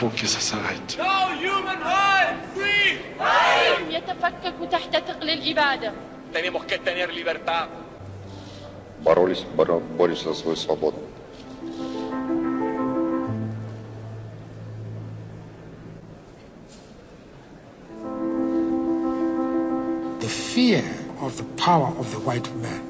faut que ça s'arrête. يتفكك تحت ثقل الإبادة. Tenemos que tener libertad. Боролись, боролись за свою свободу. The fear of the power of the white man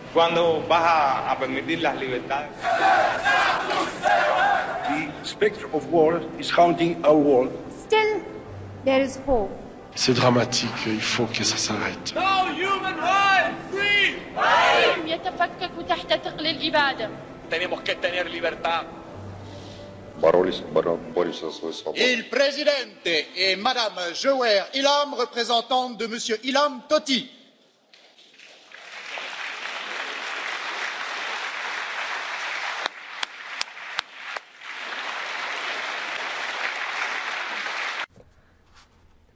cuando vas a, a, permitir las libertades? The specter of war is haunting our world. Still, there is hope. C'est dramatique, il faut que ça s'arrête. No human life free! يتفكك تحت ثقل الإبادة. Tenemos que tener libertad. Et le président et madame Jower Ilham, représentante de monsieur Ilham Tohti.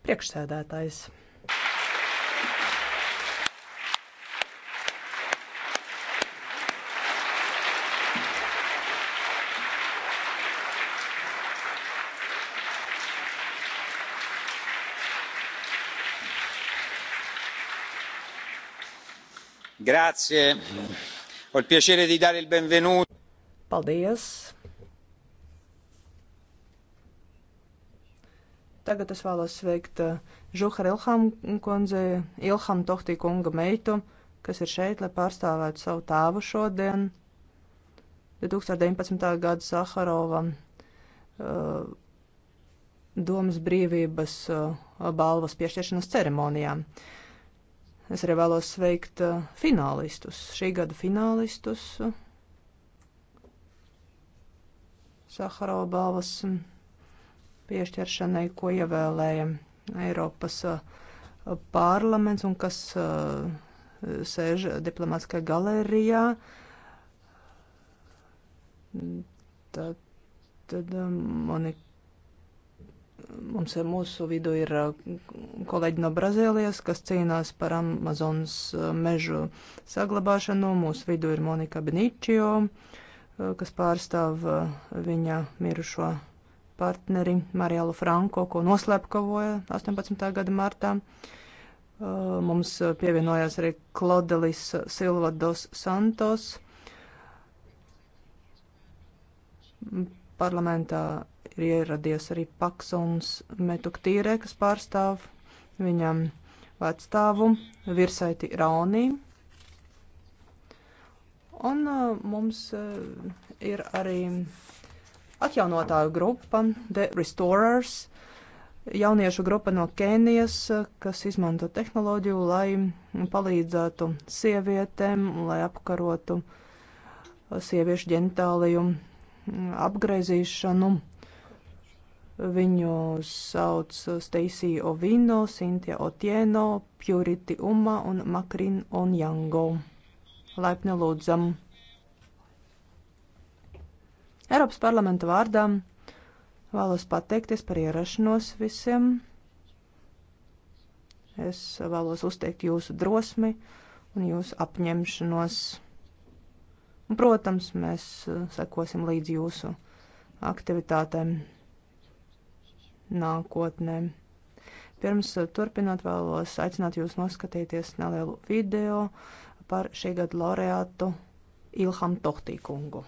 Priekšsēdētājs. Grazie. Ho il piacere di dare il benvenuto. Paldies. Tagad es vēlos sveikt eh, Žuhar Ilham kundzi, Ilham Tohtī kunga meitu, kas ir šeit, lai pārstāvētu savu tēvu šodien. 2019. gada Saharova uh, domas brīvības uh, balvas piešķiršanas ceremonijā. Es arī vēlos sveikt uh, finālistus, šī gada finālistus. Saharova balvas. Um, piešķiršanai, ko ievēlēja Eiropas uh, parlaments un kas uh, sēž diplomātiskajā galerijā. Tad, tad uh, Monika, mums ir mūsu vidū ir kolēģi no Brazīlijas, kas cīnās par Amazonas mežu saglabāšanu. Mūsu vidū ir Monika Beničio, kas pārstāv viņa mirušo partneri Marielu Franko, ko noslepkavoja 18. gada martā. Uh, mums pievienojās arī Klodelis Silva dos Santos. Parlamentā ir ieradies arī Paksons Metuktīrē, kas pārstāv viņam vecstāvu Virsaiti Raunī. Un uh, mums uh, ir arī Atjaunotāju grupa, The Restorers, jauniešu grupa no Kenijas, kas izmanto tehnoloģiju, lai palīdzētu sievietēm, lai apkarotu sieviešu ģentāliju apgreizīšanu. Viņu sauc Stacy Ovino, Cynthia Otieno, Purity Uma un Makrin Onjango. Laipni lūdzam! Eiropas parlamenta vārdā vēlos pateikties par ierašanos visiem. Es vēlos uzteikt jūsu drosmi un jūsu apņemšanos. Un, protams, mēs uh, sekosim līdz jūsu aktivitātēm nākotnē. Pirms uh, turpinot vēlos aicināt jūs noskatīties nelielu video par šī gada laureātu Ilham Tohtīkungu.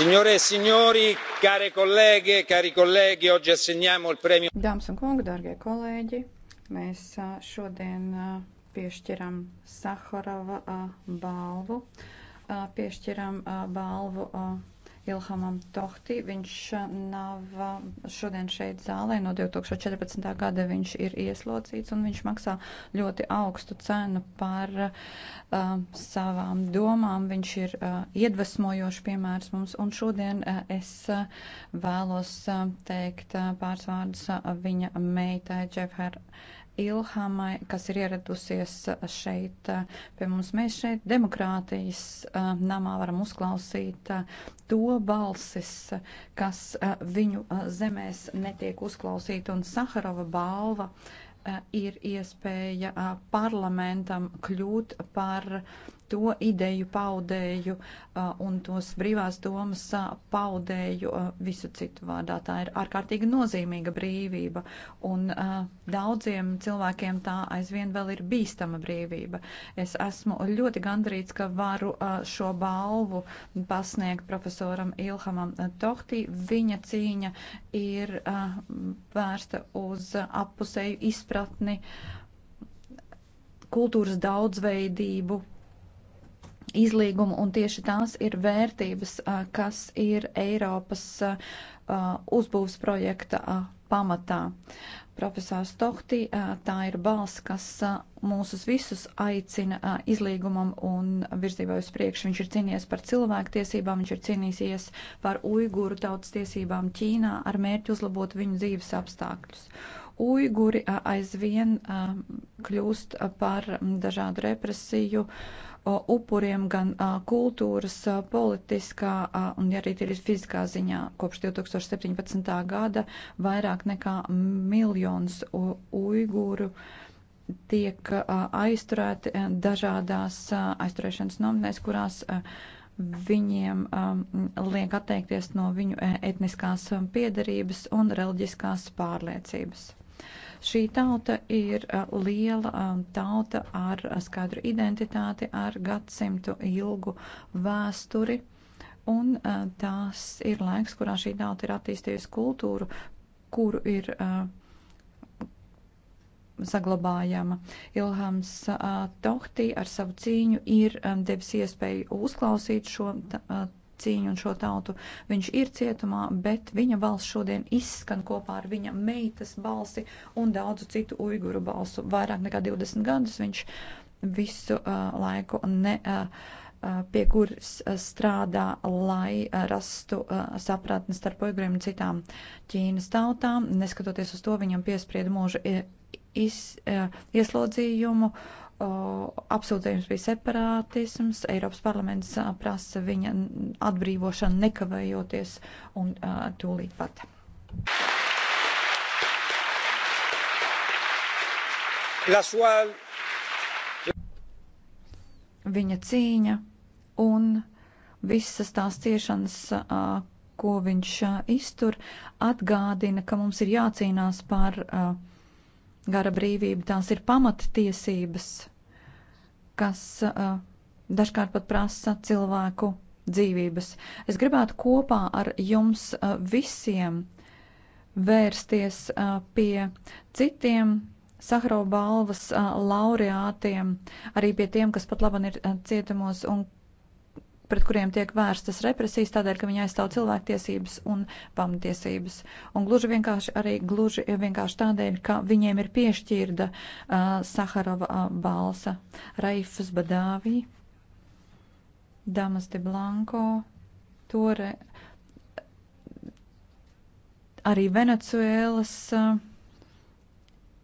Signore e signori, care colleghe, cari colleghi, oggi assegniamo il premio. Dāmas un kungi, dārgie kolēģi, mēs šodien piešķiram Saharova balvu, piešķiram balvu Ilhamam Tohti. Viņš uh, nav uh, šodien šeit zālē. No 2014. gada viņš ir ieslodzīts un viņš maksā ļoti augstu cenu par uh, savām domām. Viņš ir uh, iedvesmojošs piemērs mums. Un šodien uh, es uh, vēlos uh, teikt uh, pāris vārdus uh, viņa meitai Džefher. Uh, Ilhamai, kas ir ieradusies šeit eh, pie mums. Mēs šeit demokrātijas eh, namā varam uzklausīt eh, to balsis, kas viņu zemēs netiek uzklausīta, un Saharova balva ir iespēja parlamentam kļūt par to ideju paudēju un tos brīvās domas paudēju visu citu vārdā. Tā ir ārkārtīgi nozīmīga brīvība un daudziem cilvēkiem tā aizvien vēl ir bīstama brīvība. Es esmu ļoti gandrīts, ka varu šo balvu pasniegt profesoram Ilhamam Tohtī. Viņa cīņa ir vērsta uz appusēju izpratni, kultūras daudzveidību, izlīgumu, un tieši tās ir vērtības, kas ir Eiropas uzbūves projekta pamatā. Profesors Tohti, tā ir balss, kas mūsus visus aicina izlīgumam un virzībā uz priekšu. Viņš ir cīnījies par cilvēktiesībām, viņš ir cīnījies par uiguru tautas tiesībām Ķīnā ar mērķi uzlabot viņu dzīves apstākļus uiguri aizvien kļūst par dažādu represiju upuriem gan kultūras, politiskā un arī tīri fiziskā ziņā. Kopš 2017. gada vairāk nekā miljons uigūru tiek aizturēti dažādās aizturēšanas nominēs, kurās viņiem um, liek atteikties no viņu e, etniskās piedarības un reliģiskās pārliecības. Šī tauta ir liela tauta ar skaidru identitāti, ar gadsimtu ilgu vēsturi. Un tās ir laiks, kurā šī tauta ir attīstījusi kultūru, kuru ir saglabājama. Ilhams Tohti ar savu cīņu ir devis iespēju uzklausīt šo cīņu un šo tautu. Viņš ir cietumā, bet viņa balss šodien izskan kopā ar viņa meitas balsi un daudzu citu uiguru balsu. Vairāk nekā 20 gadus viņš visu uh, laiku ne. Uh, uh pie kuras uh, strādā, lai uh, rastu sapratni starp uiguriem un citām Ķīnas tautām. Neskatoties uz to, viņam piesprieda mūža iz, e, ieslodzījumu. Apsūdzējums bija separātisms, Eiropas parlaments prasa viņa atbrīvošanu nekavējoties un tūlīt pat. Sual... Viņa cīņa un visas tās ciešanas, ko viņš iztur, atgādina, ka mums ir jācīnās par uh, gara brīvība, tās ir pamattiesības, kas uh, dažkārt pat prasa cilvēku dzīvības. Es gribētu kopā ar jums uh, visiem vērsties uh, pie citiem Sahara balvas uh, laureātiem, arī pie tiem, kas pat laban ir uh, cietumos un pret kuriem tiek vērstas represijas tādēļ, ka viņi aizstāv cilvēktiesības un pamatiesības. Un gluži vienkārši arī gluži vienkārši tādēļ, ka viņiem ir piešķirda uh, Saharova uh, balsa. Raifas Badāvī, Damas de Blanko, Tore, arī Venecuēlas uh,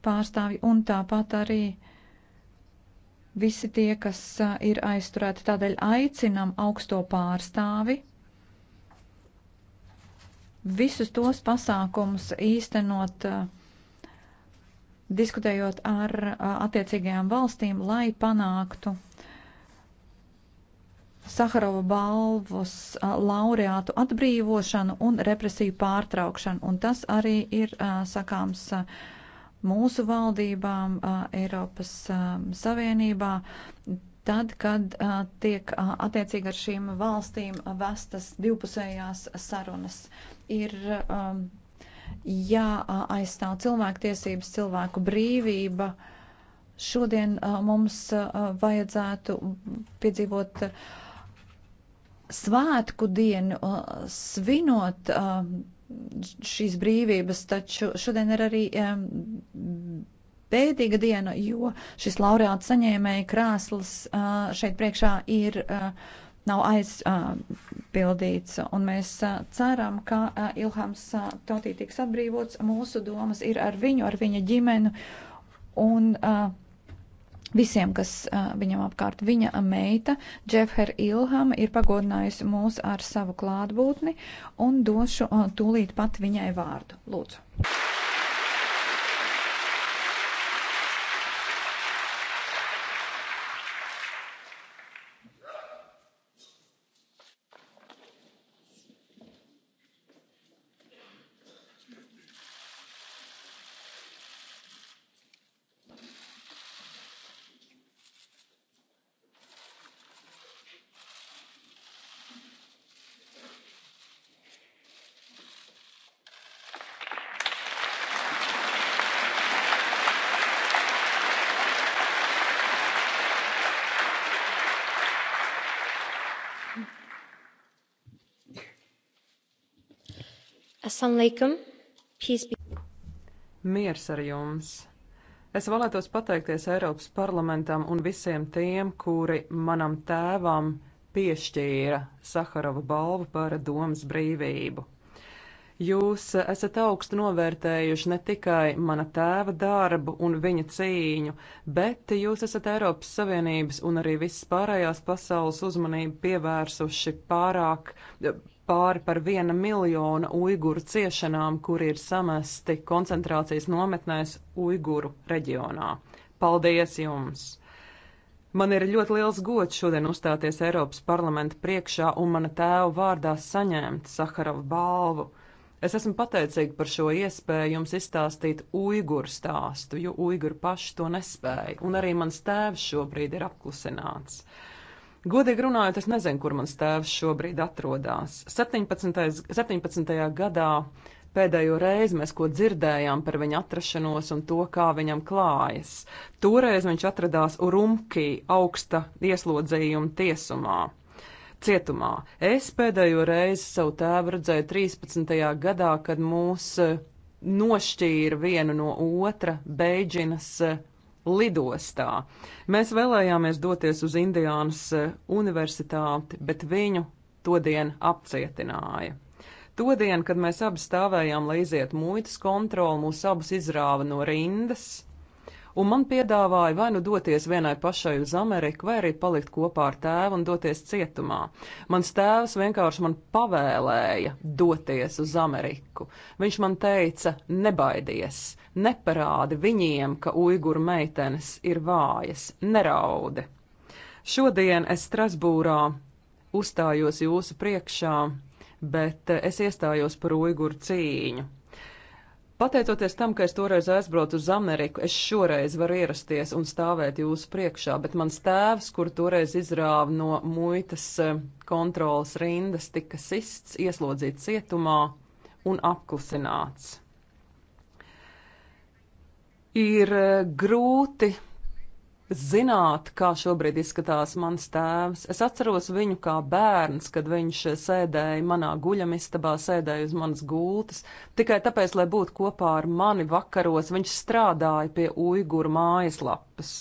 pārstāvji un tāpat arī uh, visi tie, kas ir aizturēti. Tādēļ aicinam augsto pārstāvi visus tos pasākumus īstenot, diskutējot ar attiecīgajām valstīm, lai panāktu Saharova balvas laureātu atbrīvošanu un represiju pārtraukšanu. Un tas arī ir sakāms. Uh, mūsu valdībām, Eiropas Savienībā, tad, kad tiek attiecīgi ar šīm valstīm vestas divpusējās sarunas. Ir jāaizstāv cilvēktiesības, cilvēku brīvība. Šodien mums vajadzētu piedzīvot svētku dienu, svinot šīs brīvības, taču šodien ir arī bēdīga diena, jo šis laureāts saņēmēja krēsls šeit priekšā ir nav aizpildīts, un mēs ceram, ka Ilhams Totī tiks atbrīvots. Mūsu domas ir ar viņu, ar viņa ģimenu, un uh, visiem, kas uh, viņam apkārt. Viņa meita, Džefher Ilham, ir pagodinājusi mūs ar savu klātbūtni un došu uh, tūlīt pat viņai vārdu. Lūdzu. Assalamualaikum. Miers ar jums! Es vēlētos pateikties Eiropas parlamentam un visiem tiem, kuri manam tēvam piešķīra Saharova balvu par domas brīvību. Jūs esat augstu novērtējuši ne tikai mana tēva darbu un viņa cīņu, bet jūs esat Eiropas Savienības un arī visas pārējās pasaules uzmanību pievērsuši pārāk pāri par viena miljona uiguru ciešanām, kuri ir samesti koncentrācijas nometnēs uiguru reģionā. Paldies jums! Man ir ļoti liels gods šodien uzstāties Eiropas parlamenta priekšā un mana tēva vārdā saņemt Saharova balvu. Es esmu pateicīga par šo iespēju jums izstāstīt uiguru stāstu, jo uiguru paši to nespēja, un arī mans tēvs šobrīd ir apklusināts. Uh, Godīgi runājot, es nezinu, kur mans tēvs šobrīd atrodas. 17. 17. gadā pēdējo reizi mēs ko dzirdējām par viņa atrašanos un to, kā viņam klājas. Toreiz viņš atradās Urumkī augsta ieslodzījuma tiesumā. Cietumā. Es pēdējo reizi savu tēvu redzēju 13. gadā, kad mūs nošķīra vienu no otra Beidžinas lidostā. Mēs vēlējāmies doties uz Indiānas eh, universitāti, bet viņu todien apcietināja. Todien, kad mēs abi stāvējām, lai iziet muitas kontroli, mūs abus izrāva no rindas, un man piedāvāja vai nu doties vienai pašai uz Ameriku, vai arī palikt kopā ar tēvu un doties cietumā. Mans tēvs vienkārši man pavēlēja doties uz Ameriku. Viņš man teica, nebaidies, Neparādi viņiem, ka uiguru meitenes ir vājas, neraudi. Šodien es Strasbūrā uzstājos jūsu priekšā, bet es iestājos par uiguru cīņu. Pateicoties tam, ka es toreiz aizbraucu uz Ameriku, es šoreiz varu ierasties un stāvēt jūsu priekšā, bet mans tēvs, kur toreiz izrāva no muitas eh, kontrolas rindas, tika sists, ieslodzīts cietumā un apklusināts. Ir e, grūti zināt, kā šobrīd izskatās mans tēvs. Es atceros viņu kā bērns, kad viņš e, sēdēja manā guļamistabā, sēdēja uz manas gultas. Tikai tāpēc, lai būtu kopā ar mani vakaros, viņš strādāja pie uiguru mājaslapas.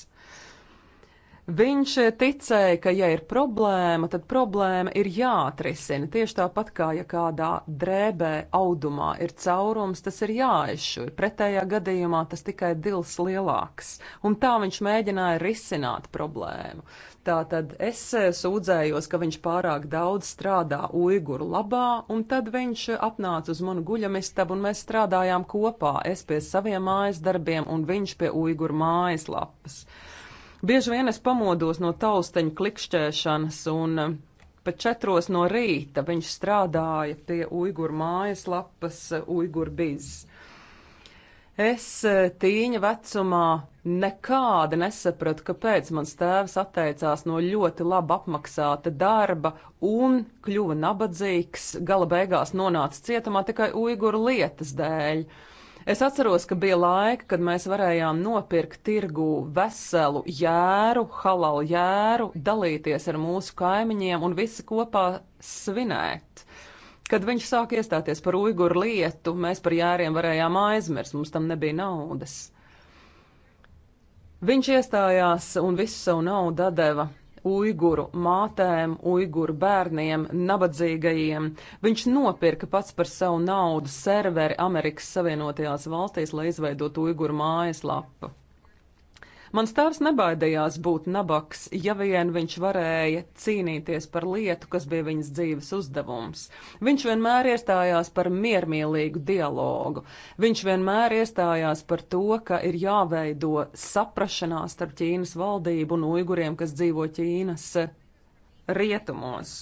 Viņš eh, ticēja, ka, ja ir problēma, tad problēma ir jāatrisina. Tieši tāpat kā, ja kādā drēbē audumā ir caurums, tas ir jāizšuj. Pretējā gadījumā tas tikai dils lielāks. Un tā viņš mēģināja risināt problēmu. Tātad es eh, sūdzējos, ka viņš pārāk daudz strādā uiguru labā, un tad viņš eh, atnāca uz manu guļamistabu, un mēs strādājām kopā. Es pie saviem mājas darbiem, un viņš pie uiguru mājas lapas. Bieži vien es pamodos no tausteņa klikšķēšanas un eh, pat četros no rīta viņš strādāja pie Uiguru mājaslapas eh, Uiguru bizes. Es eh, tīņa vecumā nekādi nesapratu, kāpēc mans tēvs atteicās no ļoti labi apmaksāta darba un kļuva nabadzīgs, gala beigās nonāca cietumā tikai uiguru lietas dēļ. Uh, Es atceros, ka bija laika, kad mēs varējām nopirkt tirgu veselu jēru, halal jēru, dalīties ar mūsu kaimiņiem un visi kopā svinēt. Kad viņš sāk iestāties par uiguru lietu, mēs par jēriem varējām aizmirst, mums tam nebija naudas. Viņš iestājās un visu savu naudu deva uiguru mātēm, uiguru bērniem, nabadzīgajiem. Viņš nopirka pats par savu naudu serveri Amerikas Savienotajās valstīs, lai izveidotu uiguru mājaslapu. Mans tēvs nebaidījās būt nabaks, ja vien viņš varēja cīnīties par lietu, kas bija viņas dzīves uzdevums. Viņš vienmēr iestājās par miermīlīgu dialogu. Viņš vienmēr iestājās par to, ka ir jāveido saprašanās starp Ķīnas valdību un uiguriem, kas dzīvo Ķīnas eh, rietumos.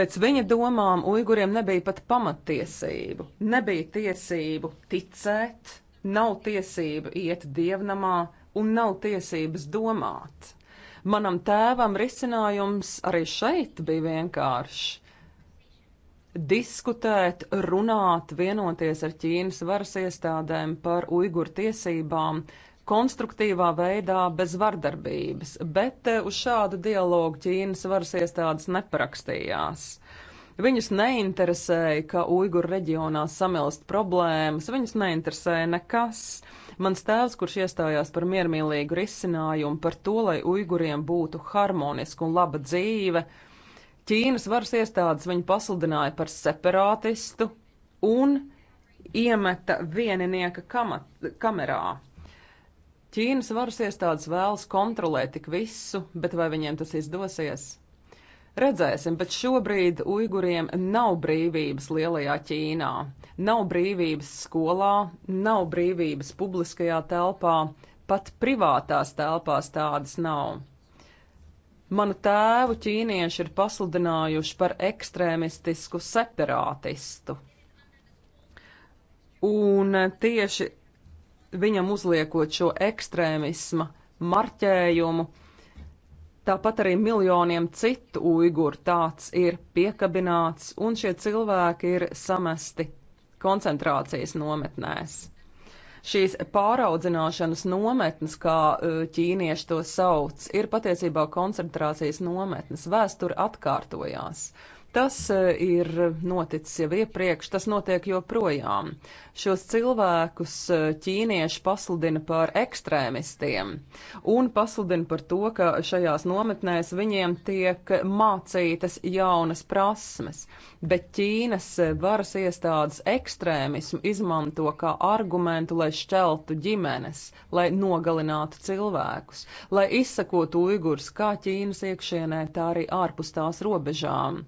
Pēc viņa domām, uiguriem nebija pat pamatiesību, nebija tiesību ticēt, Nav tiesība iet dievnamā un nav tiesības domāt. Manam tēvam risinājums arī šeit bija vienkāršs - diskutēt, runāt, vienoties ar Ķīnas varas iestādēm par uiguru tiesībām, konstruktīvā veidā, bez vardarbības, bet eh, uz šādu dialogu Ķīnas varas iestādes neparakstījās. Viņus neinteresēja, ka Uiguru reģionā samelst problēmas, viņus neinteresēja nekas. Mans tēvs, kurš iestājās par miermīlīgu risinājumu, par to, lai Uiguriem būtu harmoniska un laba dzīve, Ķīnas varas iestādes viņu pasludināja par separātistu un iemeta vieninieka kamat, kamerā. Ķīnas varas iestādes vēlas kontrolēt tik visu, bet vai viņiem tas izdosies? Redzēsim, bet šobrīd Uiguriem nav brīvības lielajā Ķīnā. Nav brīvības skolā, nav brīvības publiskajā telpā, pat privātās telpās tādas nav. Manu tēvu ķīnieši ir pasludinājuši par ekstrēmistisku separātistu. Un tieši viņam uzliekot šo ekstrēmisma marķējumu, Tāpat arī miljoniem citu uiguru tāds ir piekabināts, un šie cilvēki ir samesti koncentrācijas nometnēs. Šīs pāraudzināšanas nometnes, kā e, ķīnieši to sauc, ir patiesībā koncentrācijas nometnes. Vēsture atkārtojās. Uh, Tas eh, ir noticis jau iepriekš, tas notiek joprojām. Šos cilvēkus eh, ķīnieši pasludina par ekstrēmistiem un pasludina par to, ka šajās nometnēs viņiem tiek mācītas jaunas prasmes, bet Ķīnas eh, varas iestādes ekstrēmismu izmanto kā argumentu, lai šķeltu ģimenes, lai nogalinātu cilvēkus, lai izsakotu uigurs kā Ķīnas iekšienē, tā arī ārpus tās robežām.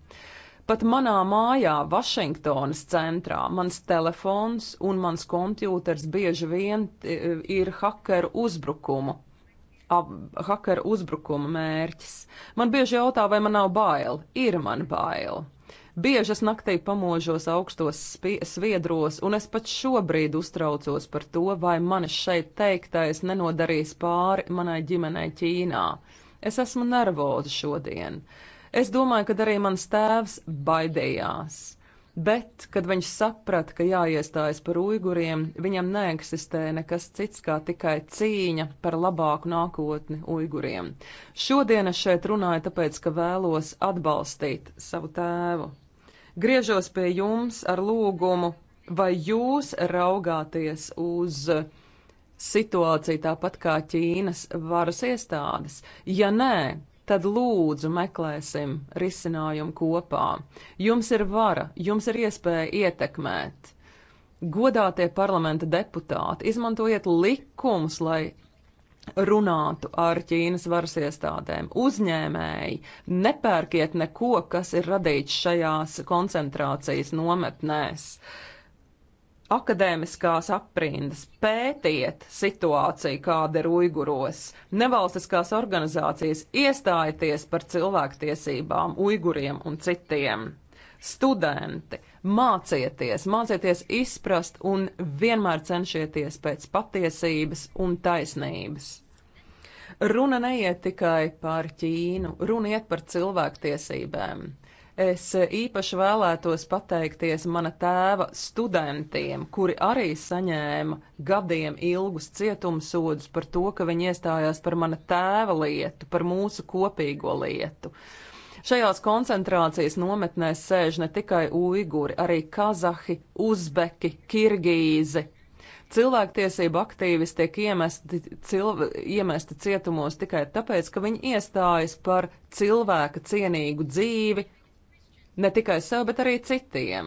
Pat manā mājā, Vašingtonas centrā, mans telefons un mans kompjūters bieži vien e, ir hakeru uzbrukumu hakeru uzbrukuma mērķis. Man bieži jautā, vai man nav bail. Ir man bail. Bieži es naktī pamožos augstos sviedros, un es pat šobrīd uztraucos par to, vai manis šeit teiktais nenodarīs pāri manai ģimenei Ķīnā. Es esmu nervoza šodien. Uh, Es domāju, ka arī mans tēvs baidījās. Bet, kad viņš saprata, ka jāiestājas par uiguriem, viņam neeksistē nekas cits kā tikai cīņa par labāku nākotni uiguriem. Šodien es šeit runāju tāpēc, ka vēlos atbalstīt savu tēvu. Griežos pie jums ar lūgumu, vai jūs raugāties uz situāciju tāpat kā Ķīnas varas iestādes? Ja nē, tad lūdzu meklēsim risinājumu kopā. Jums ir vara, jums ir iespēja ietekmēt. Godātie parlamenta deputāti, izmantojiet likumus, lai runātu ar Ķīnas varas iestādēm. Uzņēmēji, nepērkiet neko, kas ir radīts šajās koncentrācijas nometnēs. Uh, akadēmiskās aprindas, pētiet situāciju, kāda ir Uiguros. Nevalstiskās organizācijas iestājieties par cilvēktiesībām Uiguriem un citiem. Studenti, mācieties, mācieties izprast un vienmēr cenšieties pēc patiesības un taisnības. Runa neiet tikai par Ķīnu, runa iet par cilvēktiesībām. Es īpaši vēlētos pateikties mana tēva studentiem, kuri arī saņēma gadiem ilgus cietumsodus par to, ka viņi iestājās par mana tēva lietu, par mūsu kopīgo lietu. Šajās koncentrācijas nometnēs sēž ne tikai uiguri, arī kazahi, uzbeki, kirgīzi, cilvēktiesību aktīvisti tiek iemesti, cilv, iemesti cietumos tikai tāpēc, ka viņi iestājas par cilvēka cienīgu dzīvi, ne tikai sev, bet arī citiem.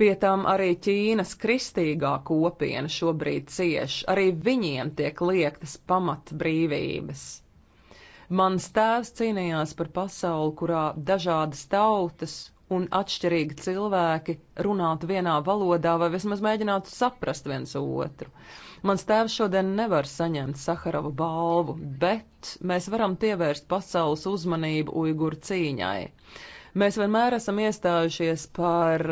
Pie tam arī Ķīnas kristīgā kopiena šobrīd cieš, arī viņiem tiek liektas pamatbrīvības. Mans tēvs cīnījās par pasauli, kurā dažādas tautas un atšķirīgi cilvēki runātu vienā valodā vai vismaz mēģinātu saprast viens otru. Mans tēvs šodien nevar saņemt Saharova balvu, bet mēs varam pievērst pasaules uzmanību Uiguru cīņai. Mēs vienmēr esam iestājušies par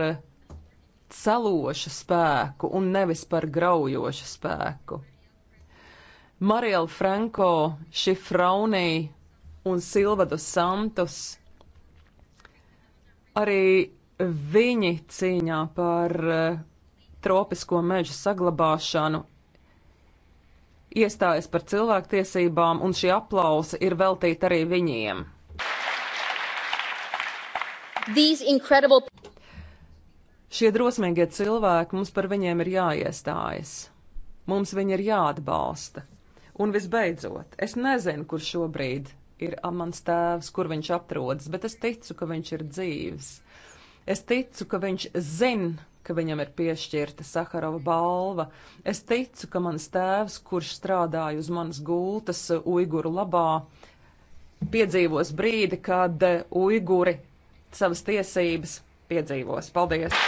celošu spēku un nevis par graujošu spēku. Mariela Franko, Šifraunī un Silvadu Santus arī viņi cīņā par eh, tropisko mežu saglabāšanu iestājas par cilvēktiesībām, un šī aplausa ir veltīta arī viņiem. Incredible... Šie drosmīgie cilvēki, mums par viņiem ir jāiestājas. Mums viņi ir jāatbalsta. Un visbeidzot, es nezinu, kur šobrīd ir mans tēvs, kur viņš atrodas, bet es ticu, ka viņš ir dzīves. Es ticu, ka viņš zina, ka viņam ir piešķirta Saharova balva. Es ticu, ka mans tēvs, kurš strādāja uz manas gultas Uiguru labā, piedzīvos brīdi, kad Uiguri savas tiesības piedzīvos. Paldies!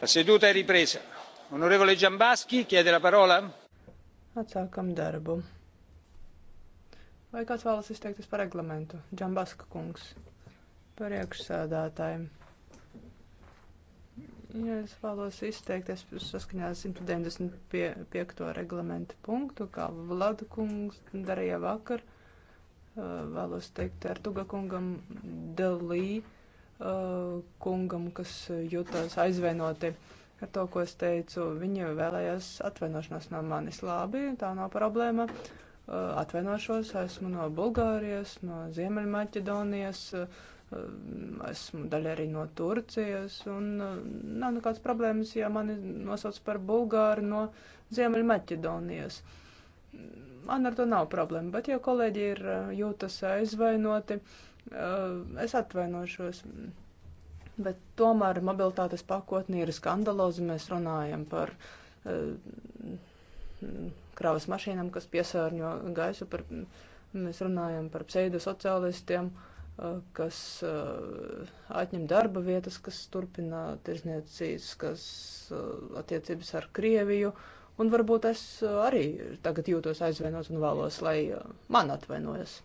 La seduta ir ripresa. Onorevole Džambaski, chiede la parola? Atsākam darbu. Vai kāds vēlas izteikties par reglamentu? Džambaska kungs, par iekšsēdētājiem. Ja es vēlos izteikties saskaņā ar 195. reglamentu punktu, kā Vlada kungs darīja vakar. Uh, vēlos teikt Ertuga kungam, Delī Uh, kungam, kas jutās aizvainoti ar to, ko es teicu. Viņa vēlējās atvainošanos no manis. Labi, tā nav problēma. Uh, atvainošos, esmu no Bulgārijas, no Ziemeļmaķedonijas, uh, esmu daļa arī no Turcijas, un nav nekāds problēmas, ja mani nosauc par Bulgāru no Ziemeļmaķedonijas. Man ar to nav problēma, bet ja kolēģi ir jūtas aizvainoti, uh, Es atvainošos, bet tomēr mobilitātes pakotni ir skandalozi. Mēs runājam par kravas mašīnām, kas piesārņo gaisu, par, mēs runājam par pseidosociālistiem, kas atņem darba vietas, kas turpina tirzniecības attiecības ar Krieviju. Un varbūt es arī tagad jūtos aizvainots un vēlos, lai man atvainojas.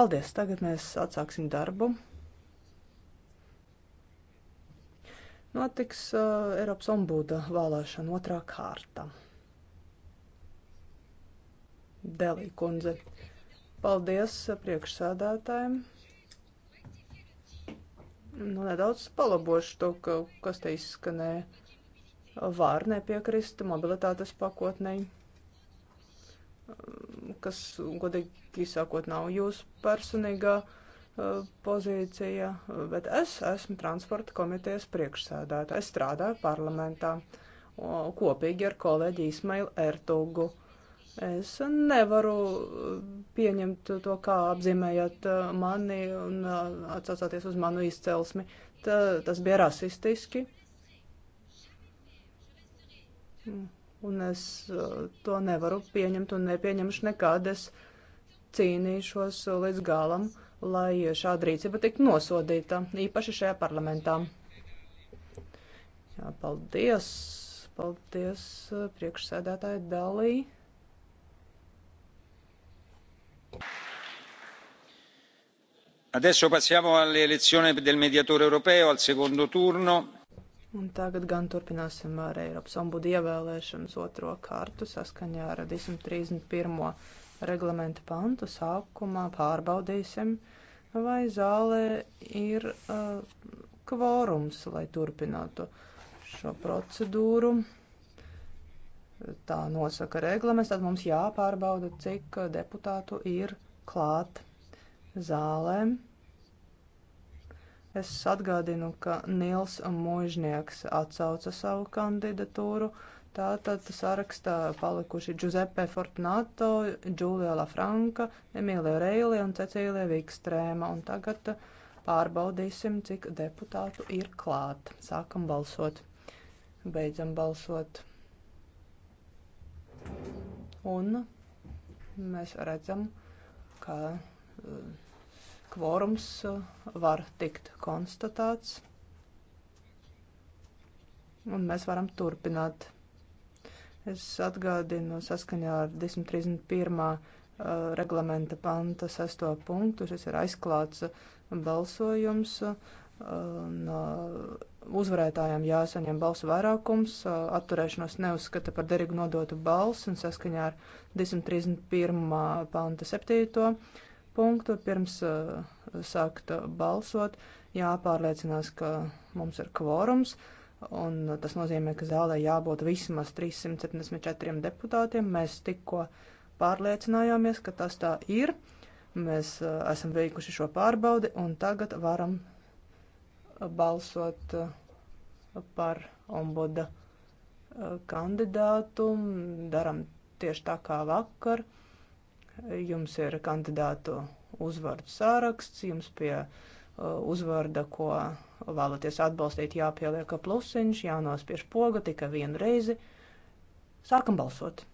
Paldies, tagad mēs atsāksim darbu. Notiks uh, Eiropas ombuda vēlēšana otrā kārta. Delī kundze. Paldies priekšsēdētājiem. Nu, nedaudz palabošu to, ka, kas te izskanēja. Var nepiekrist mobilitātes pakotnei kas, godīgi sakot, nav jūsu personīgā uh, pozīcija, bet es esmu transporta komitejas priekšsēdētāja. Es strādāju parlamentā uh, kopīgi ar kolēģi Ismailu Ertugu. Es nevaru pieņemt to, kā apzīmējat uh, mani un uh, atsaucāties uz manu izcelsmi. Tā, tas bija rasistiski. Mm un es uh, to nevaru pieņemt un nepieņemšu nekad. Es cīnīšos uh, līdz galam, lai uh, šāda rīcība tiktu nosodīta, īpaši šajā parlamentā. Jā, paldies, paldies priekšsēdētāji Dalī. Adesso passiamo all'elezione del mediatore europeo al secondo turno. Un tagad gan turpināsim ar Eiropas ombudu ievēlēšanas otro kārtu saskaņā ar 231. reglamenta pantu. Sākumā pārbaudīsim, vai zālē ir uh, kvorums, lai turpinātu šo procedūru. Tā nosaka reglaments, tad mums jāpārbauda, cik uh, deputātu ir klāt zālēm. Es atgādinu, ka Nils Mūžnieks atsauca savu kandidatūru. Tātad sarakstā palikuši Giuseppe Fortunato, Giulia Lafranca, Emīlija Reilija un Cecīlija Vikstrēma. Un tagad pārbaudīsim, cik deputātu ir klāt. Sākam balsot. Beidzam balsot. Un mēs redzam, ka. Uh, Kvorums uh, var tikt konstatēts, un mēs varam turpināt. Es atgādinu saskaņā ar 1031. Uh, reglamenta panta 6. punktu. Šis ir aizklāts balsojums. Uh, uzvarētājiem jāsaņem balsu vairākums, atturēšanos neuzskata par derīgu nodotu balsu un saskaņā ar 1031. panta 7 punktu. Pirms eh, sākt eh, balsot, jāpārliecinās, ka mums ir kvorums. Un tas nozīmē, ka zālē jābūt vismaz 374 deputātiem. Mēs tikko pārliecinājāmies, ka tas tā ir. Mēs eh, esam veikuši šo pārbaudi un tagad varam balsot par ombuda kandidātu. Daram tieši tā kā vakar. Jums ir kandidātu uzvārdu sāraksts, jums pie uh, uzvārda, ko vēlaties atbalstīt, jāpieliek plusiņš, jānospiež poga tikai vienu reizi. Sākam balsot!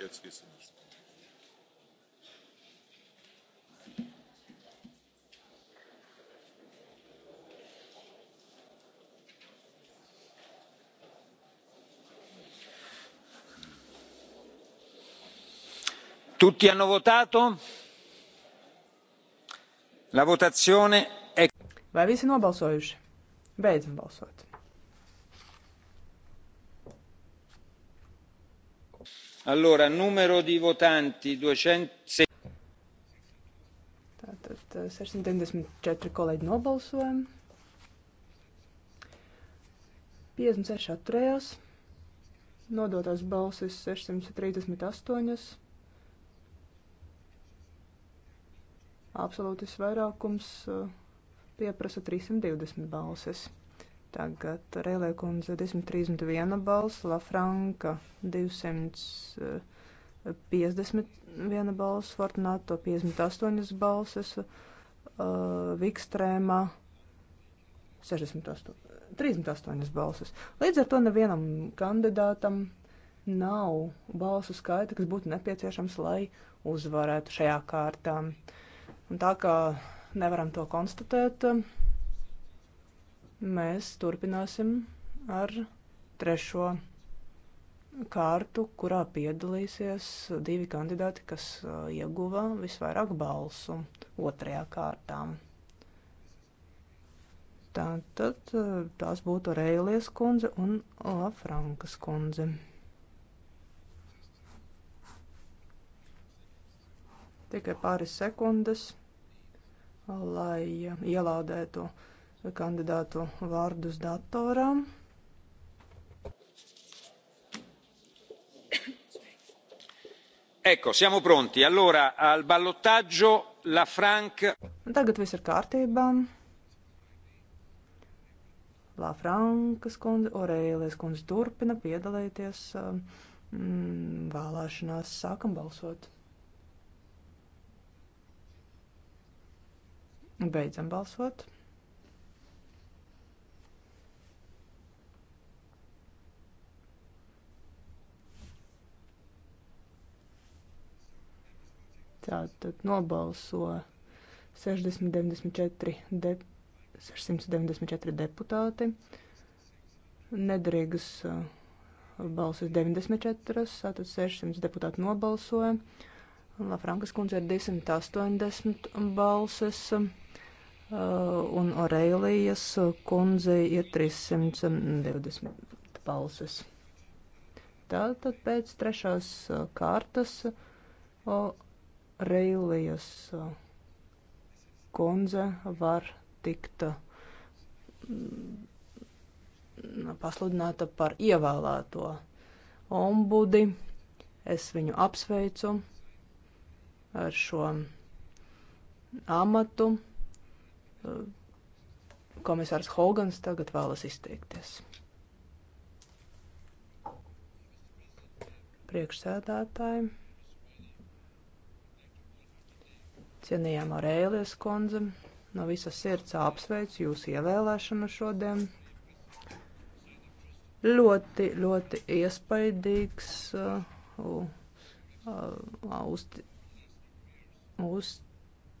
Jetzt geht's. tutti hanno votato la votazione è vai visi nobalsojuši beidzam balsot allora numero di votanti duecento tātad 694 eh, kolēģi nobalsoja 56 atturējās nodotās balsis 638 absolūtis vairākums eh, pieprasa 320 balses. Tagad Rēlē kundze 231 balss, Lafranka 251 balss, Fortunato 58 balses, uh, Vikstrēma 68, 38 balses. Līdz ar to nevienam kandidātam nav balsu skaita, kas būtu nepieciešams, lai uzvarētu šajā kārtā. Uh, Un tā kā nevaram to konstatēt, mēs turpināsim ar trešo kārtu, kurā piedalīsies divi kandidāti, kas ieguva visvairāk balsu otrajā kārtā. Tātad tās būtu Reilies kundze un Lafrankas kundze. tikai pāris sekundes, lai ielādētu kandidātu vārdus datorā. Ecco, siamo pronti. Allora, al ballottaggio la Frank. Tagad viss ir kārtībā. La Frankas kundze, Orēlijas kundze turpina piedalīties mm, vēlēšanās. Sākam balsot. Beidzam balsot. Tātad nobalso 694 de, 694 deputāti. Nederīgas uh, balsis 94, tātad 600 deputāti nobalsoja. Lafrankas kundze ir 280 balsis. Uh, un Orēlijas kundzei ir 320 balsis. Tātad pēc trešās uh, kārtas Orēlijas uh, kundze var tikt mm, pasludināta par ievēlēto ombudi. Es viņu apsveicu ar šo amatu. Eh, komisārs Hogans tagad vēlas izteikties. Priekšsēdētāji, cienījām ar Ēlies kundzi, no visas sirds apsveicu jūs ievēlēšanu šodien ļoti, ļoti iespaidīgs, uh, eh, uh, eh, uh, uzt, uz,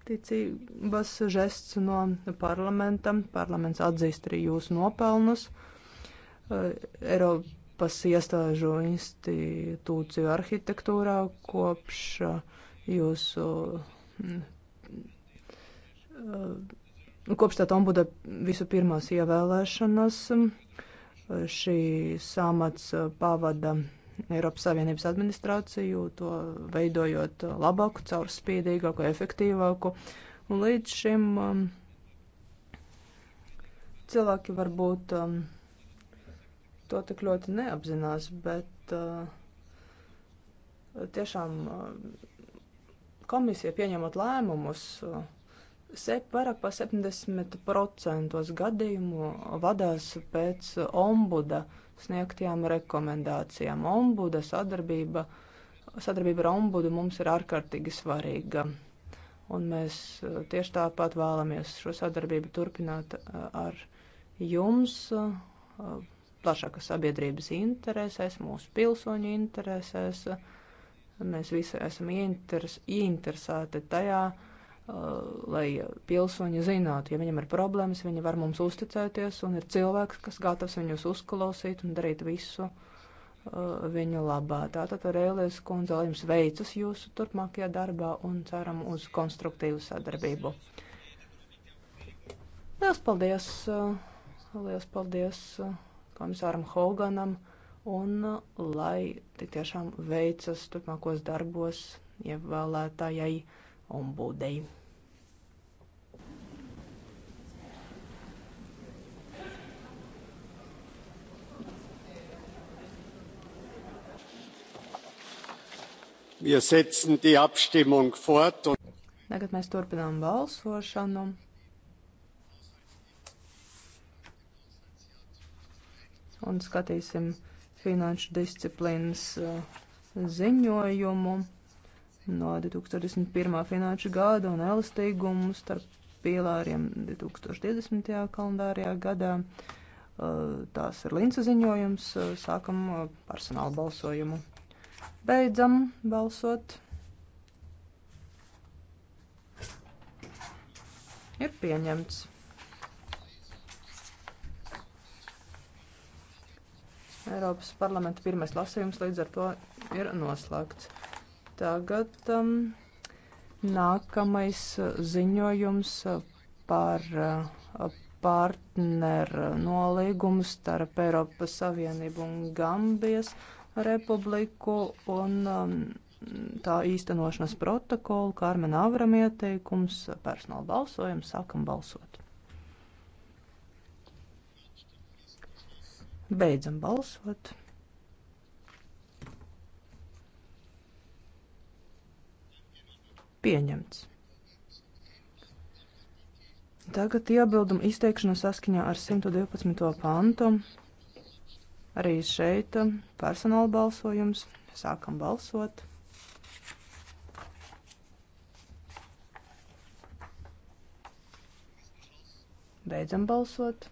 pateicības žests no parlamenta. Parlaments atzīst arī jūsu nopelnus. Eh, Eiropas iestāžu institūciju arhitektūrā kopš eh, jūsu. Eh, kopš tā ombuda visu pirmās ievēlēšanas šī samats pavada Eiropas Savienības administrāciju, to veidojot labāku, caurspīdīgāku, efektīvāku. Un līdz šim um, cilvēki varbūt um, to tik ļoti neapzinās, bet uh, tiešām uh, komisija pieņemot lēmumus. Uh, Se vairāk par 70% gadījumu vadās pēc ombuda sniegtajām rekomendācijām. Ombuda sadarbība, sadarbība ar ombudu mums ir ārkārtīgi svarīga. Un mēs uh, tieši tāpat vēlamies šo sadarbību turpināt uh, ar jums uh, plašākas sabiedrības interesēs, mūsu pilsoņu interesēs. Mēs visi esam ieinteres, ieinteresēti tajā, uh, Uh, lai pilsoņi zinātu, ja viņam ir problēmas, viņi var mums uzticēties un ir cilvēks, kas gatavs viņus uzklausīt un darīt visu uh, viņa labā. Tātad, Rēlēs kundze, lai jums veicas jūsu turpmākajā darbā un ceram uz konstruktīvu sadarbību. Lielas paldies, liels paldies uh, komisāram Hoganam un lai tiešām veicas turpmākos darbos ievēlētājai. Ja ombudei. Wir setzen die Abstimmung fort. Un... Tagad mēs turpinām balsošanu. Un skatīsim finanšu disciplīnas uh, ziņojumu no 2021. finanšu gada un elastīgumu starp pīlāriem 2020. kalendārajā gadā. Uh, tās ir Linca ziņojums. Uh, sākam uh, personāla balsojumu. Beidzam balsot. Ir pieņemts. Eiropas parlamenta pirmais lasījums līdz ar to ir noslēgts. Tagad um, nākamais uh, ziņojums uh, par uh, partneru nolīgumu starp Eiropas Savienību un Gambijas republiku un um, tā īstenošanas protokolu Kārmen Avram ieteikums personāla balsojumu sākam balsot. Beidzam balsot. pieņemts. Tagad iebildumu izteikšana saskaņā ar 112. pantu. Arī šeit um, personāla balsojums. Sākam balsot. Beidzam balsot.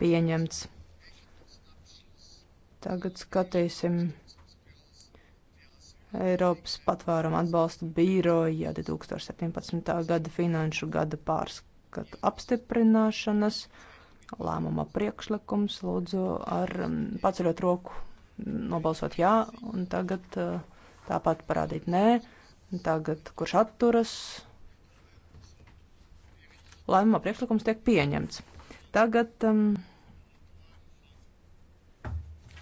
Pieņemts. Tagad skatīsim Eiropas patvēruma atbalsta bīroja 2017. gada finanšu gada pārskatu apstiprināšanas lēmuma priekšlikums. Lūdzu, ar um, paceļot roku nobalsot jā, un tagad uh, tāpat parādīt nē. Tagad, kurš atturas, lēmuma priekšlikums tiek pieņemts. Tagad um,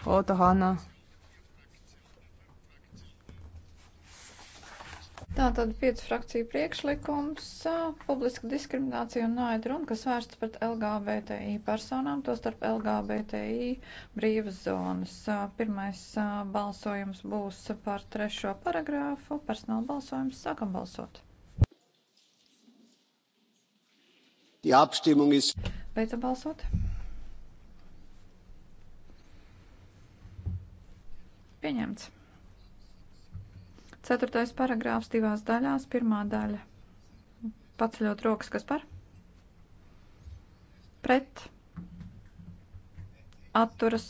Foto Hanna. Tātad piecu frakciju priekšlikums, publiska diskriminācija un naida runa, kas vērsts pret LGBTI personām, to starp LGBTI brīvas zonas. Pirmais balsojums būs par trešo paragrāfu, personāla balsojums, sākam balsot. Beidzam balsot. Pieņemts. Ceturtais paragrāfs divās daļās. Pirmā daļa. Paceļot rokas, kas par? Pret. Atturas.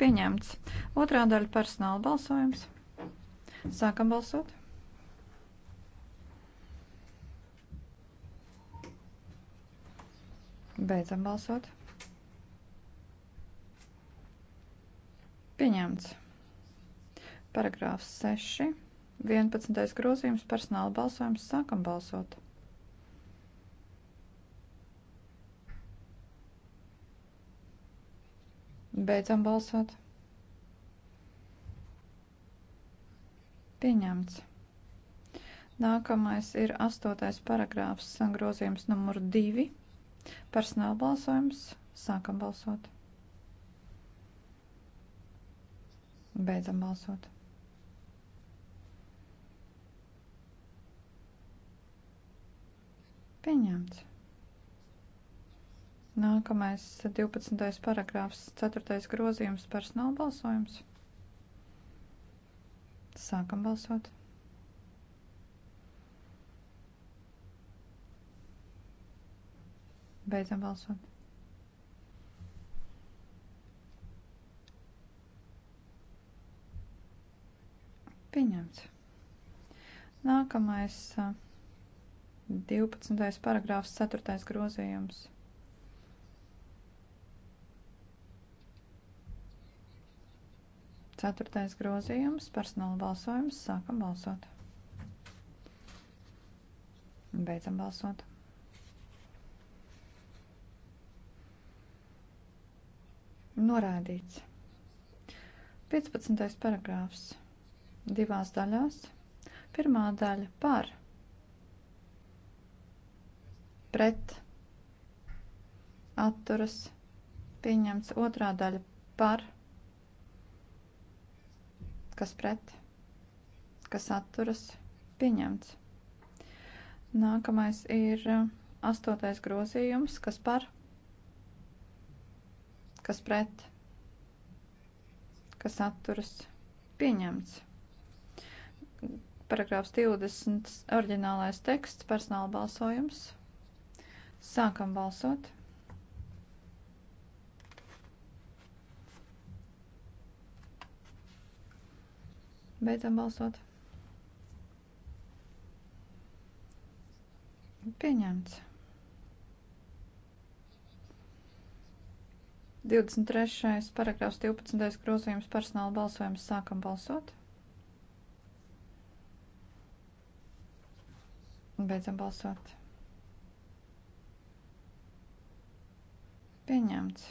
Pieņemts. Otrā daļa personāla balsojums. Sākam balsot. Beidzam balsot. Pieņemts. Paragrāfs 6. 11. grozījums personāla balsojums. Sākam balsot. Beidzam balsot. Pieņemts. Nākamais ir 8. paragrāfs grozījums numur 2. Personāla balsojums. Sākam balsot. Beidzam balsot. Pieņemts. Nākamais 12. paragrāfs, 4. grozījums personāla balsojums. Sākam balsot. Beidzam balsot. Pieņemts. Nākamais. Uh, 12. paragrāfs 4. grozījums. Ceturtais grozījums - personāla balsojums. Sākam balsot. Beidzam balsot. Norādīts. 15. paragrāfs divās daļās. Pirmā daļa par pret atturas pieņemts otrā daļa par kas pret kas atturas pieņemts nākamais ir uh, astotais grozījums kas par kas pret kas atturas pieņemts paragrāfs 20 oriģinālais teksts personāla balsojums Sākam balsot. Beidzam balsot. Pieņemts. 23. paragrāfs 12. grozījums personāla balsojums sākam balsot. Beidzam balsot. Pieņemts.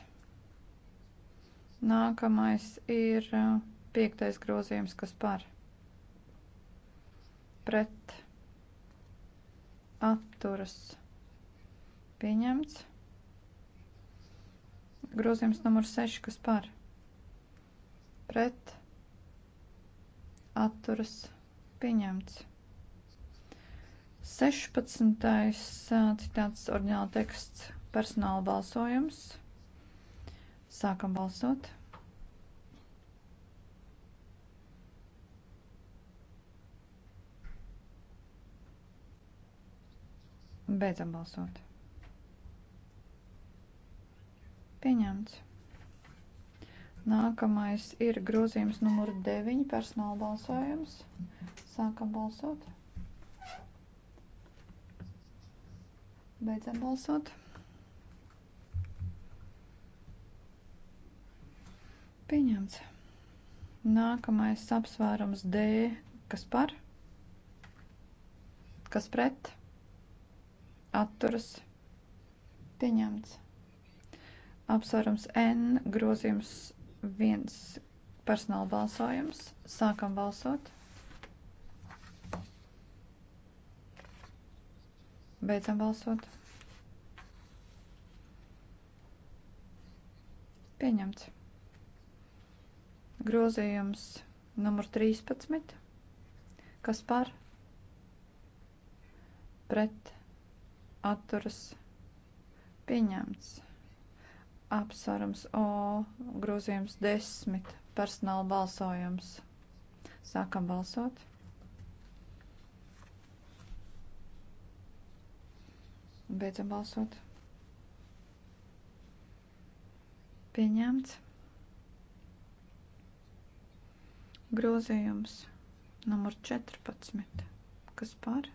Nākamais ir uh, piektais grozījums, kas par pret atturas pieņemts. Grozījums numur 6, kas par pret atturas pieņemts. 16. Uh, citāts oriģināla teksts Personāla balsojums. Sākam balsot. Beidzam balsot. Pieņemts. Nākamais ir grozījums numur 9 personāla balsojums. Sākam balsot. Beidzam balsot. Pieņemts. Nākamais apsvērums D. Kas par? Kas pret? Atturas. Pieņemts. Apsvērums N. Grozījums 1. Personāla balsojums. Sākam balsot. Beidzam balsot. Pieņemts. Grozījums numur 13. Kas par? Pret atturas pieņemts. Apsvarums O grozījums 10. Personāla balsojums. Sākam balsot. Beidzam balsot. Pieņemts. Grozījums numur 14. Kas par?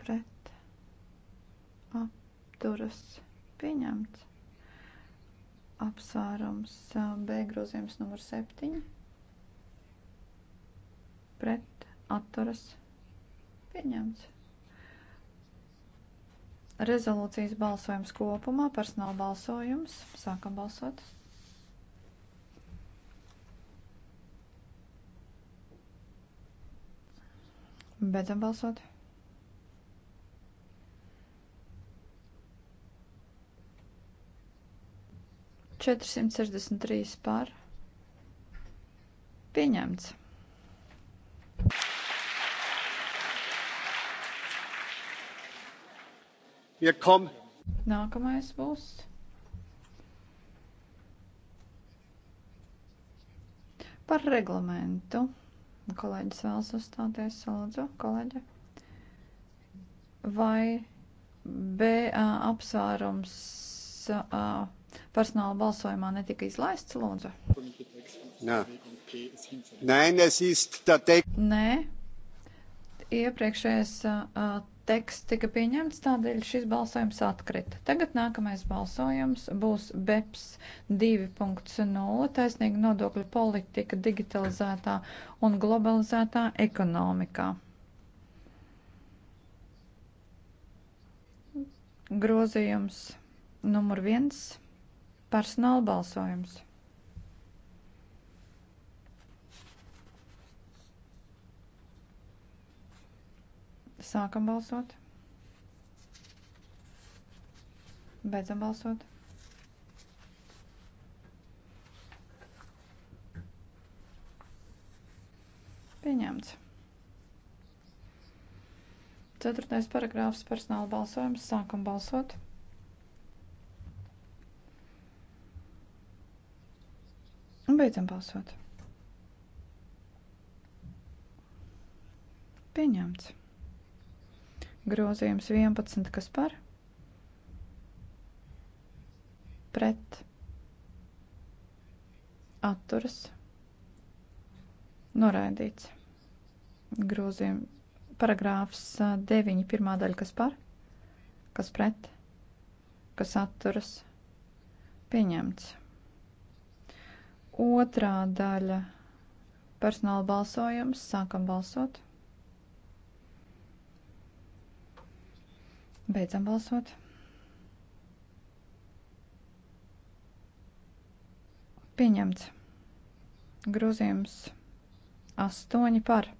Pret. Apturas. Pieņemts. Apsvērums B grozījums numur 7. Pret. Atturas. Pieņemts. Rezolūcijas balsojums kopumā, personāla balsojums. Sākam balsot. Beidzam balsot. Četrsimt sešdesmit trīs pār. Pieņemts. Nākamais būs. Par reglamentu. Kolēģis vēlas uzstāties, lūdzu, kolēģi. Vai B apsvērums personāla balsojumā netika izlaists, lūdzu? Nā. Nē, es īsti tā teiktu. Nē. Iepriekšējais teksts tika pieņemts, tādēļ šis balsojums atkrita. Tagad nākamais balsojums būs BEPS 2.0 - taisnīga nodokļu politika digitalizētā un globalizētā ekonomikā. Grozījums numur viens - personāla balsojums. Sākam balsot. Beidzam balsot. Pieņemts. Ceturtais paragrāfs personāla balsojums. Sākam balsot. Un beidzam balsot. Pieņemts. Grozījums 11, kas par? Pret. Atturas. Noraidīts. Grozījums paragrāfs 9, pirmā daļa, kas par, kas pret, kas atturas, pieņemts. Otrā daļa - personāla balsojums, sākam balsot. Beidzam balsot. Pieņemts. Grozījums 8 par.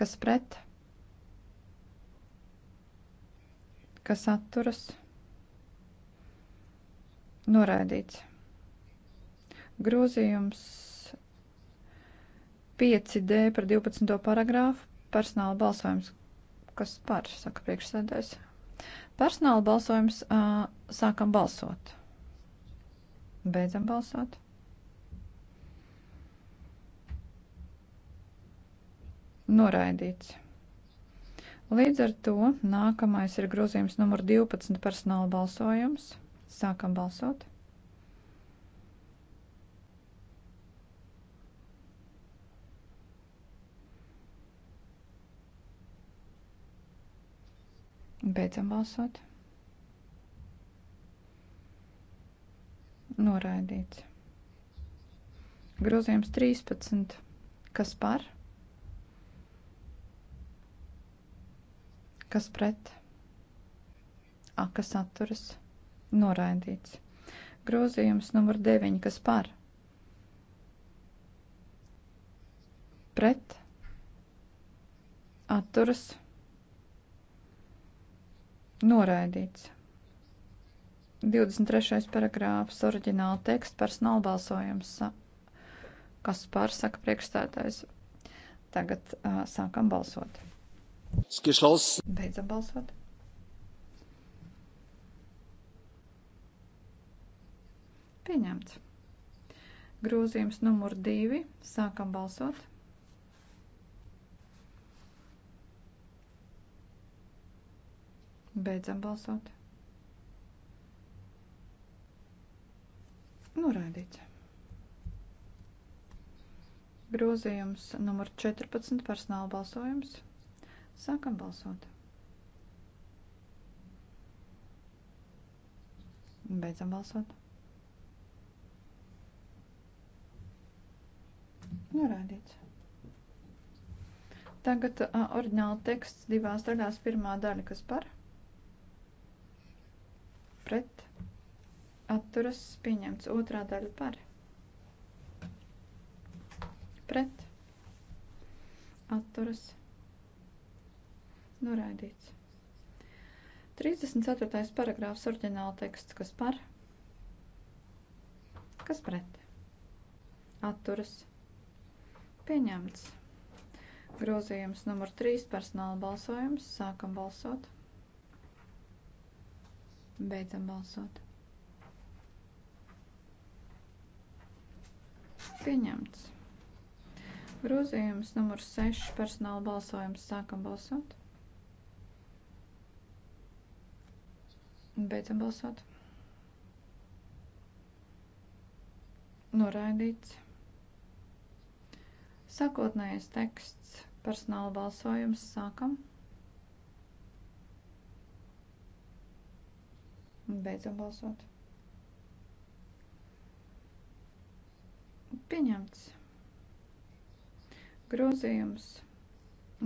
Kas pret? Kas atturas? Noraidīts. Grozījums 5D par 12. paragrāfu personāla balsojums kas par, saka priekšsēdēs. Personāla balsojums uh, sākam balsot. Beidzam balsot. Noraidīts. Līdz ar to nākamais ir grozījums numur 12 personāla balsojums. Sākam balsot. Beidzam balsot. Noraidīts. Grozījums 13. Kas par? Kas pret? A, kas atturas? Noraidīts. Grozījums numur 9. Kas par? Pret? Atturas? Noraidīts Noraidīts. 23. paragrāfs, oriģināla teksts, personāla balsojums. Kas pārsaka priekšstādājs? Tagad uh, sākam balsot. Skišlaus. Beidzam balsot. Pieņemts. Grūzījums numur divi. Sākam balsot. Beidzam balsot. Noraidīts. Grozījums numur 14 personāla balsojums. Sākam balsot. Beidzam balsot. Norādīts. Tagad uh, oriģināla teksts divās daļās. Pirmā daļa, kas par? pret atturas pieņemts otrā daļa par pret atturas noraidīts 34. paragrāfs oriģināla teksts kas par kas pret atturas pieņemts grozījums numur 3 personāla balsojums sākam balsot Beidzam balsot. Pieņemts. Grozījums numur 6 personāla balsojums. Sākam balsot. Beidzam balsot. Noraidīts. Sākotnējais teksts personāla balsojums. Sākam balsot. Beidzam balsot. Pieņemts. Grozījums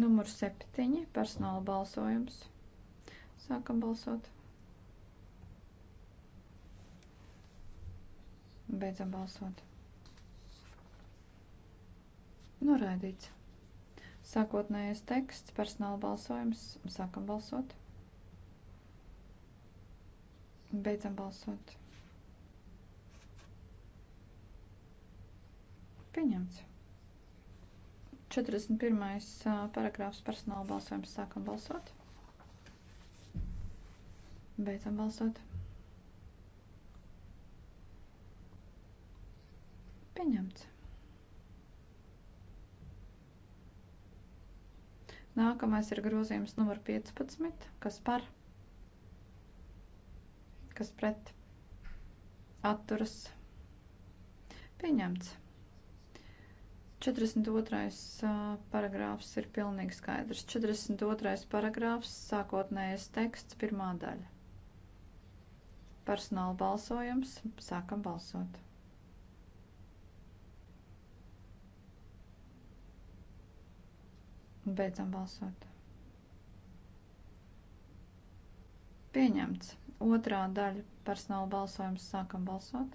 numur 7 - personāla balsojums. Sākam balsot. Beidzam balsot. Noraidīts. Sākotnējais teksts - personāla balsojums. Sākam balsot. Beidzam balsot. Pieņemts. 41. paragrāfs personāla balsojums. Sākam balsot. Beidzam balsot. Pieņemts. Nākamais ir grozījums numur 15, kas par kas pret atturas pieņemts. 42. paragrāfs ir pilnīgi skaidrs. 42. paragrāfs sākotnējais teksts pirmā daļa. Personāla balsojums. Sākam balsot. Beidzam balsot. Pieņemts. Otrā daļa personāla balsojums sākam balsot.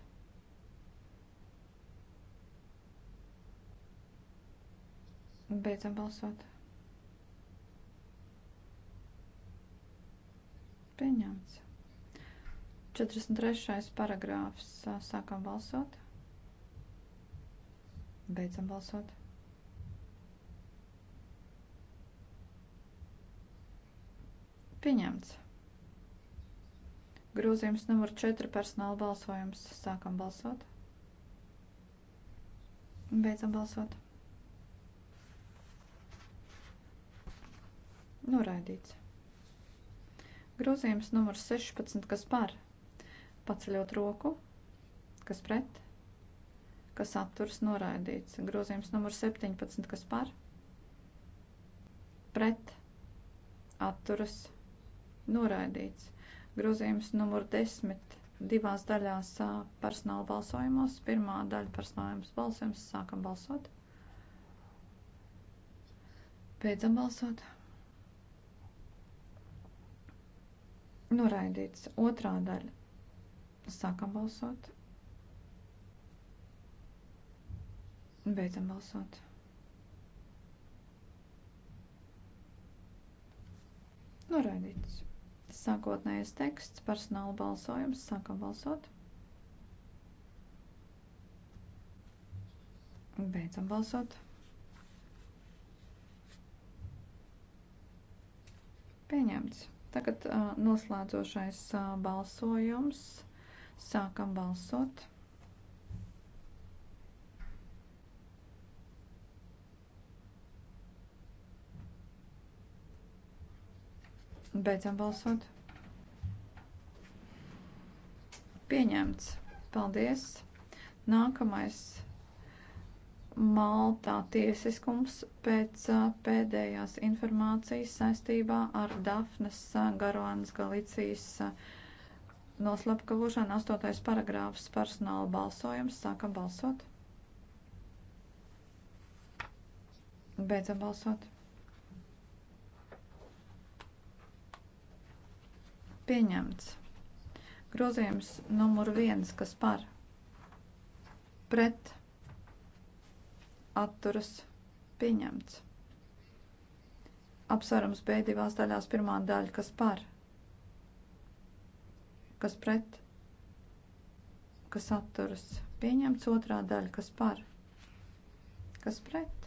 Beidzam balsot. Pieņemts. 43. paragrāfs sākam balsot. Beidzam balsot. Pieņemts. Grozījums numur 4 personāla balsojums. Sākam balsot. Beidzam balsot. Noraidīts. Grozījums numur 16, kas par? Paceļot roku. Kas pret? Kas atturs noraidīts. Grozījums numur 17, kas par? Pret. Atturas noraidīts. Grozījums numur 10 divās daļās personāla balsojumos. Pirmā daļa personālajums balsojums. Sākam balsot. Beidzam balsot. Noraidīts otrā daļa. Sākam balsot. Beidzam balsot. Noraidīts. Sākotnējais teksts, personāla balsojums, sākam balsot. Beidzam balsot. Pieņemts. Tagad uh, noslēdzošais uh, balsojums. Sākam balsot. Beidzam balsot. Pieņemts. Paldies. Nākamais Maltā tiesiskums pēc pēdējās informācijas saistībā ar Dafnes Garonas Galicijas noslapkavošanu 8. paragrāfs personāla balsojums. Sākam balsot. Beidzam balsot. Pieņemts. Grozījums numur viens, kas par pret atturas pieņemts. Apsvarums B divās daļās pirmā daļa, kas par, kas pret, kas atturas pieņemts, otrā daļa, kas par, kas pret